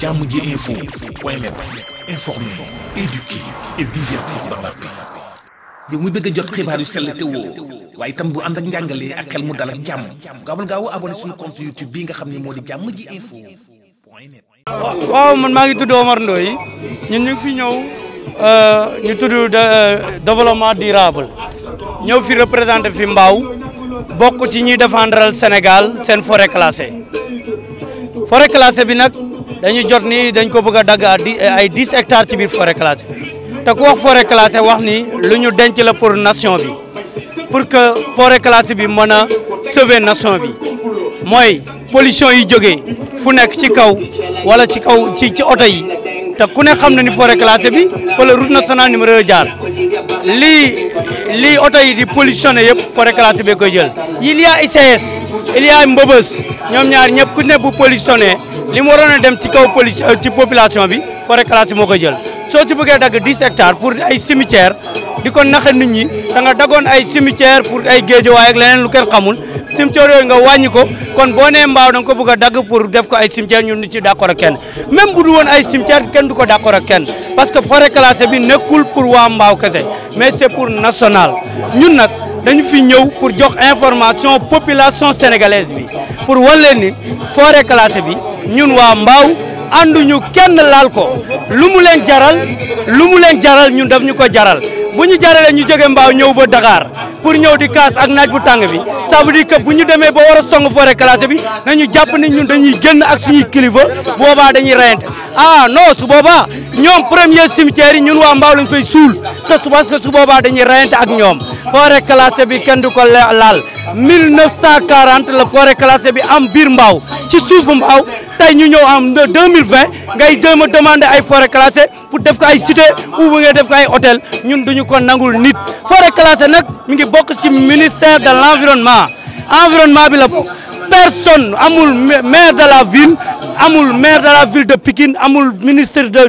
jàmm ji info point net informer, et divertir dans la paix. yow mi bëgg a jot xibaar yu sell te woo waaye itam bu ànd ak njàngalee ak xel mu dal ak jàmm gaawal gaaw abonné suñu compte YouTube bii nga xam ne moo di jàmm ji info point net. waaw man maa ngi tudd Omar Ndoye ñu ngi fi ñëw euh, ñu tudd euh, développement durable ñëw fi représenté fi Mbao bokk ci ñuy défendral Sénégal seen forêt classée forêt classée bi nag. dañu jot ni dañ ko bëgg a dagg ay dix hectares ci biir forêt classée te ku wax forêt classée wax ni lu ñu denc la pour nation bi pour que forêt classée bi mën a sauver nation bi mooy pollution yi jógee fu nekk ci kaw wala ci kaw ci ci oto yi te ku ne xam na ni forêt classée bi fa la route nationale numéro 2 jaar lii lii oto yi di pollutionné yëpp forêt classée bee koy jël il y a ICS il y ñoom ñaar ñëpp ku ne bu police sonné li mu waroon a dem ci kaw police euh, ci population bi forêt classée moo koy jël soo ci bëggee dagg 10 hectares pour ay cimetière di ko naxa nit ñi da nga dagoon ay cimetière pour ay géejowaay ak leneen lu ken xamul cimetière yooyu nga wàññi ko kon boo nee mbaaw da nga ko bëgg dagg pour def ko ay cimetière ñun nit ci d'accord ak kenn même bu du ay cimetière kenn du ko d'accord ak kenn parce que forêt classée bi nekkul pour waa mbaaw kese mais c'est pour national ñun nag dañu fi ñëw pour jox information population sénégalaise bi pour wan ni forêt classée bi ñun waa Mbao ñu kenn laal ko lu mu leen jaral lu mu leen jaral ñun daf ñu ko jaral bu ñu jaralee ñu jóge Mbao ñëw ba Dakar pour ñëw di kaas ak naaj bu tàng bi ça di dire bu ñu demee ba war a song forêt classée bi ñu jàpp ne ñun dañuy génn ak suñuy kilifa boobaa dañuy reyante ah non su boobaa ñoom premier cimetière yi ñun waa Mbao lañ fay suul te su parce su boobaa dañuy reyante ak ñoom forêt classée bi kenn du ko laal 1940 la forêt classée bi am biir mbaaw ci suufu mbaaw tey ñu ñëw am 2020 ngay dem a demander ay forêt classée pour def ko ay cité ou nga def ko ay hôtel ñun duñu ko nangul nit forêt classée nag mi ngi bokk ci ministère de l' environnement environnement bi la personne amul maire de la ville amul maire de la ville de Pikine amul ministre de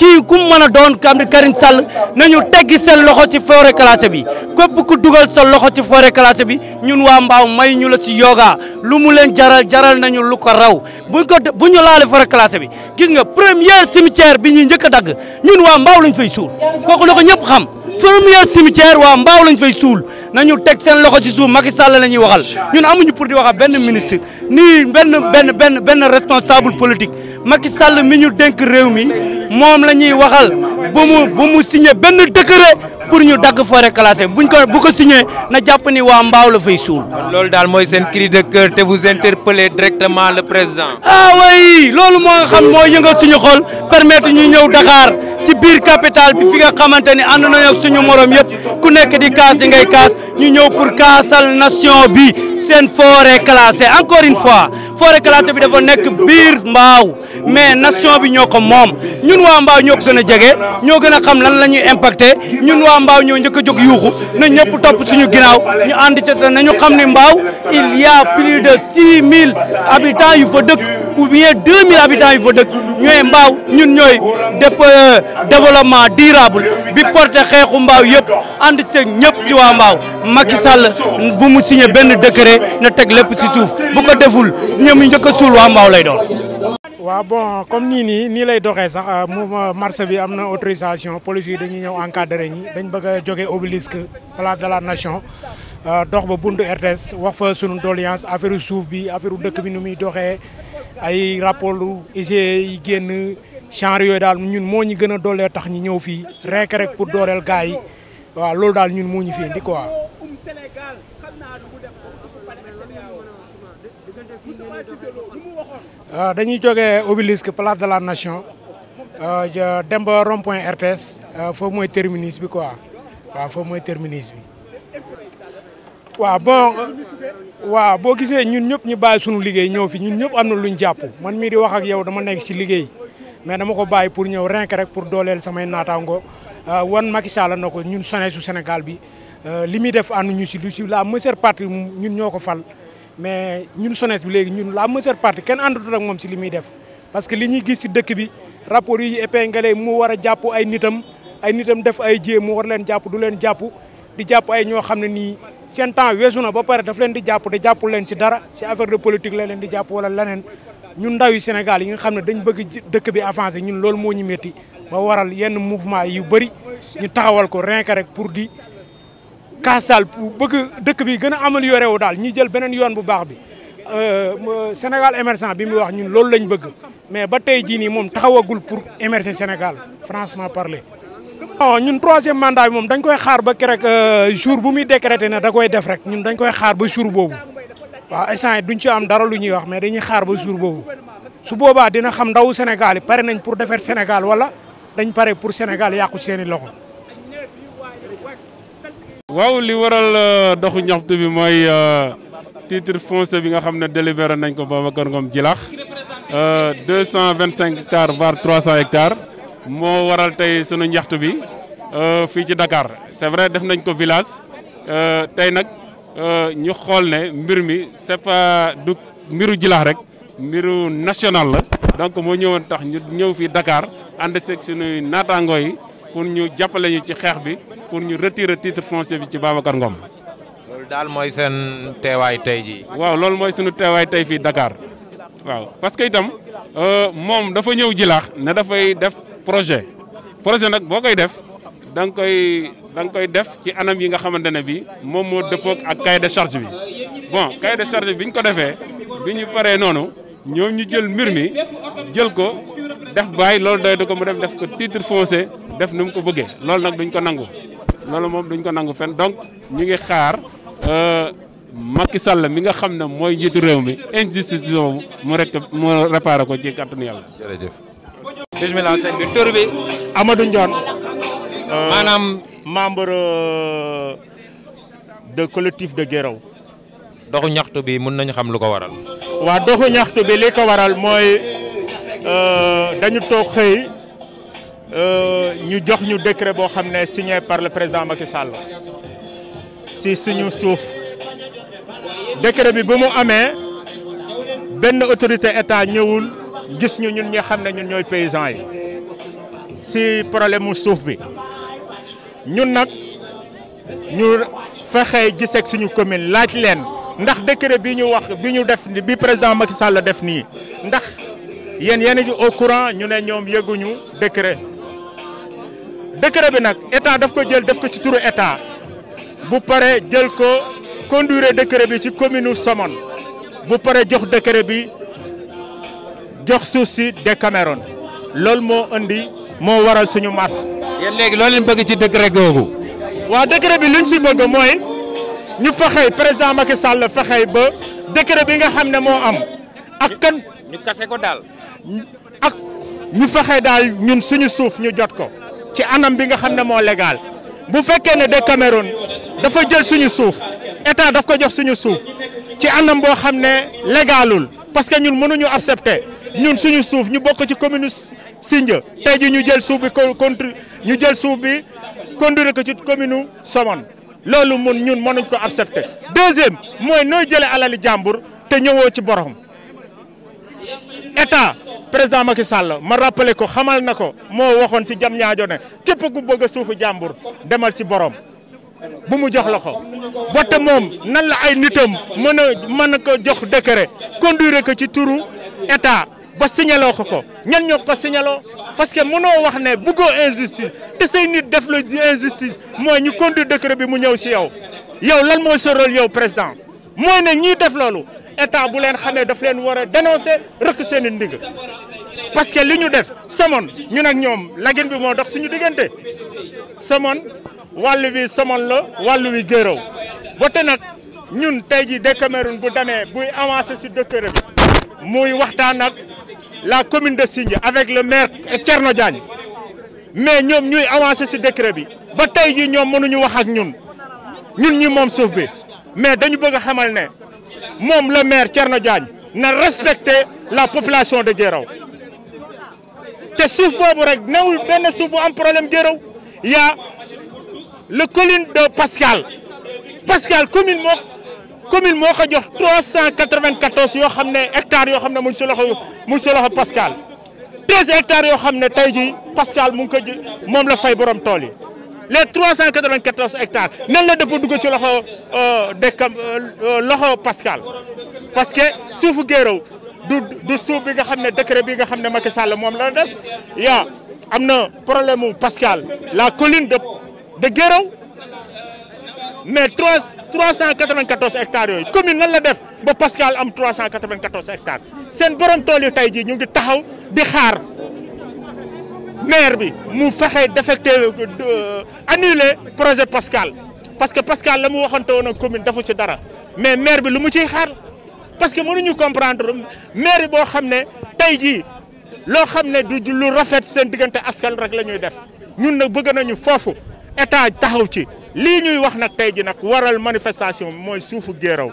kii ku mën a doon Abdou Karim Sall nañu teggi seen loxo ci forêt classée bi képp ku dugal sal loxo ci foore classée bi ñun waa mbaaw may ñu la si yoga lu mu leen jaral jaral nañu lu ko raw buñ ko bu ñu laale forêt classée bi gis nga premier cimetière bi ñu njëkk a dagg ñun waa mbaaw lañ fay suul kooku la ko ñëpp xam premier cimetière waa mbaaw lañ fay suul nañu teg seen loxo ci suuf maki Sall la ñuy waxal ñun amuñu pour di waxal benn ministre nii benn benn benn benn responsable politique maki salla mi ñu denk réew mi moom la ñuy waxal bu mu bu mu signé benn décret pour ñu dagg forêt classée buñ ko bu ko signé na jàpp ni waa mbaaw la fay suul. loolu daal mooy seen cri de cœur te vous interpellez directement le président. ah oui loolu moo nga xam moo yëngal suñu xool permettre ñu ñëw Dakar ci biir capitale bi fi nga xamante ni ànd nañu ak suñu morom yëpp ku nekk di kaas di ngay kaas ñu ñëw pour kaasal nation bi seen forêt classée encore une fois forêt classée bi dafa nekk biir mbaaw. mais nation bi ñoo ko moom ñun waa mbaaw a jege ñoo gën waa mbaaw ñoo njëkk jog jóg yuuxu na ñëpp topp suñu ginnaaw ñu ànd ci te nañu xam ne mbaaw il y a plus de six mille habitants yu fa dëkk ou bien deux mille habitants yu fa dëkk ñooy mbaaw ñun ñooy def euh, développement durable bi porté xeexu mbaaw yëpp ànd se ñëpp ci waa mbaaw Macky Sall bu mu signé benn décret na teg lépp ci suuf bu ko deful ñoom ñu njëkk a suul waa mbaaw lay doon waaw bon comme nii nii nii lay doxe sax euh, mouvement marché bi am na autorisation police yi dañuy ñëw encadré ñi dañ bëgg a jógee obélisque place de la nation euh, dox ba bunt RTS wax fa sunu doléance affaire suuf bi affaire dëkk bi nu muy doxee ay rapportu IGE yi génn genre yooyu daal ñun moo ñu gën a doolee tax ñi ñëw fii rek rek pour dooleel gars yi waaw loolu daal ñun moo ñu fi indi quoi. Euh, dañuy jógee obélisque place de la nation euh, dem ba rond point euh, foofu mooy terminus bi quoi waaw foofu mooy terminus bi waaw bon waaw boo gisee ñun ñëpp ñu bàyyi sunu liggéey ñëw fi ñun ñëpp am na luñ jàpp man mii di wax ak yow dama nekk ci liggéey mais dama ko bàyyi pour ñëw renk rek pour dooleel samay naataango wan Macky Sall na ko ñun sone su Sénégal bi li muy def ñu si lu ci la majeure partie ñun ñoo ko fal. mais ñun SONES bi léegi ñun la majeure partie kenn àndatul ak moom ci li muy def parce que li ñu gis ci dëkk bi rapport yi épinglé mu war a jàpp ay nitam ay nitam def ay jéem mu war leen jàpp du leen jàpp di jàpp ay ñoo xam ne nii seen temps weesu na ba pare daf leen di jàpp te jàpp leen ci dara ci affaire de politique la leen di jàpp wala leneen ñun ndaw Sénégal yi nga xam ne dañ bëgg dëkk bi avancé ñun loolu moo ñu métti ba waral yenn mouvement yi bëri ñu taxawal ko rien rek pour kaas daal bu bëgg dëkk bi gën a amélioré wu daal ñi jël beneen yoon bu baax bi euh, Sénégal émergent bi mu wax ñun loolu lañ bëgg mais ba tey jii nii moom taxawagul pour émerger Sénégal franchement parler. non ñun troisième manda bi moom dañ koy xaar ba keroog euh, jour bu muy décrété ne da koy def rek ñun dañ koy xaar ba jour boobu waa instant yi duñ ci am dara lu ñuy wax mais dañuy xaar ba jour boobu su boobaa dina xam ndaw Sénégal yi pare nañ pour defar Sénégal wala dañ pare pour Sénégal yàqu ci seen i waaw li waral euh, doxu ñaxtu bi mooy euh, titre foncier bi nga xam ne délibéré nañ ko Babacar Ngom Djilakh euh, 225 hectares voire 300 hectares moo waral tey sunu ñaxtu bi fii ci dakaar c'est vrai def nañ ko village tey nag ñu xool ne mbir mi c'est pas du mbiru Djilakh rek mbiru national la donc moo ñëwoon tax ñu ñëw fii dakaar ànd seeg sunuy naataangoo yi. pour ñu jàppale ñu ci xeex bi pour ñu retirer titre foncier bi ci Babacar Ngom. loolu daal mooy seen teewaay tey jii. waaw loolu mooy sunu teewaay tey fii dakaar waaw parce que itam euh, moom dafa ñëw jilaax ne dafay def projet projet nag boo koy def da nga koy da koy def ci anam yi nga xamante ne bi moom moo dëppoog ak cahier de charge bi bon cahier de charge bi ñu ko defee bi ñu paree noonu ñoom ñu jël mbir mi jël ko. def baay loolu doy ko mu dem def ko titre foncier def ni mu ko bëggee loolu nag duñ ko nangu loolu moom duñ ko nangu fen donc ñu ngi xaar euh, Macky Sall mi nga xam ne mooy jiitu réew mi injustice boobu mu rek mu réparé ko ci kàttanu yàlla. jërëjëf. bisimilah sëñ bi tur bi. Amadou Ndione. Euh, maanaam membre euh, de collectif de Guéraw. doxu ñaxtu bi mun nañu xam lu ko waral. waa doxu ñaxtu bi li ko waral mooy. Euh, dañu toog xëy euh, ñu jox ñu décret boo xam ne signé par le président Macky Sall si suñu suuf décret bi bu mu amee benn autorité état ñëwul gis ñu ñun ñi xam ne ñun ñooy paysan yi si problème mu suuf bi ñun nag ñu fexe gis ak suñu commune laaj leen ndax décret bi ñu wax bi ñu def bi président Macky Sall def nii ndax. yéen yéen ji o courant ñu ne ñoom yëguñu décret décret bi nag état daf ko jël def ko ci turu état bu pare jël ko conduire décret bi ci commune Somone bu pare jox décret bi jox suuf si Décameroon loolu moo indi moo waral suñu marche. yéen léegi loolu leen bëgg ci décret googu. waa décret bi liñ si bëgg mooy ñu fexey président Macky Sall fexey ba décret bi nga xam ne moo am. ak kan ñu kase ko daal. ak ñu fexe daal ñun suñu suuf ñu jot ko ci anam bi nga xam ne moo légal bu fekkee ne de Cameroun dafa jël suñu suuf état daf ko jox suñu suuf ci anam boo xam ne légalul parce que ñun mënuñu accepter ñun suñu suuf ñu bokk ci commune Sindia te ji ñu jël suuf bi contre ñu jël suuf bi conduire ko ci commune Somone loolu mun ñun mënuñ ko ab accepter deuxième mooy noo jëlee alali jàmbur te ñëwoo ci borom état président Macky Sall ma rappelé ko xamal na ko moo waxoon ci jam ñaajo ne képp ku bëgg a suufu jàmbur demal ci borom bu mu jox la ko botte moom nan la ay nitam mën a mën a ko jox décret conduire ko ci turu état ba signaloo ko ko ñan ñoo ko signaloo parce que mënoo wax ne bëggoo injustice te say nit def la injustice mooy ñu conduire décret bi mu ñëw si yow yow lan moo sa rôle yow président mooy ne ñii def loolu état bu leen xamee daf leen war a dénoncer rëkk seen i ndig parce que li ñu def somon ñun ak ñoom lagin bi moo dox suñu diggante somon wàll wi somon la wàll wi géeraw bote nag ñun tey jii de Cameroun bu demee buy avancer si docteur bi muy waxtaan ak la commune de Sindia avec le maire Thierno Diagne mais ñoom ñuy avancer si décret bi ba tey jii ñoom mënuñu wax ak ñun ñun ñi moom suuf bi mais dañu bëgg a xamal ne moom le maire Thierno Diagne na respecter la population de Guéraw te suuf boobu rek newul benn suuf bu am problème Guéraw y a le colline de Pascal Pascal commune moo commune moo ko jox 394 yoo xam ne hectares yoo xam ne mu si loxo mu ngi si loxo Pascal 13 hectares yoo xam ne tey ji Pascal mu ka ji moom la fay borom tool yi. les 394 hectares nan la dëpp dugg ci loxo euh, dëkkam euh, loxo Pascal parce que suufu Guéréo du du suuf bi nga xam ne décret bi nga xam ne Macky Sall moom la def yaa am na problème mu Pascal la colline de de Guéréo mais 3 394 hectares yooyu commune nan la def ba Pascal am 394 hectares seen borom tool yi tey jii ñu ngi taxaw di xaar. maire bi mu fexe défecté euh, annulé projet Pascal parce que Pascal la mu waxante woon ak commune dafa ci dara mais maire bi lu mu ciy xaar parce que mënuñu comprendre maire boo xam ne tey jii loo xam ne du lu rafet seen diggante askan rek la ñuy def ñun nag bëgg nañu foofu état taxaw ci li ñuy wax nag tey ji nag waral manifestation mooy suufu Guéréo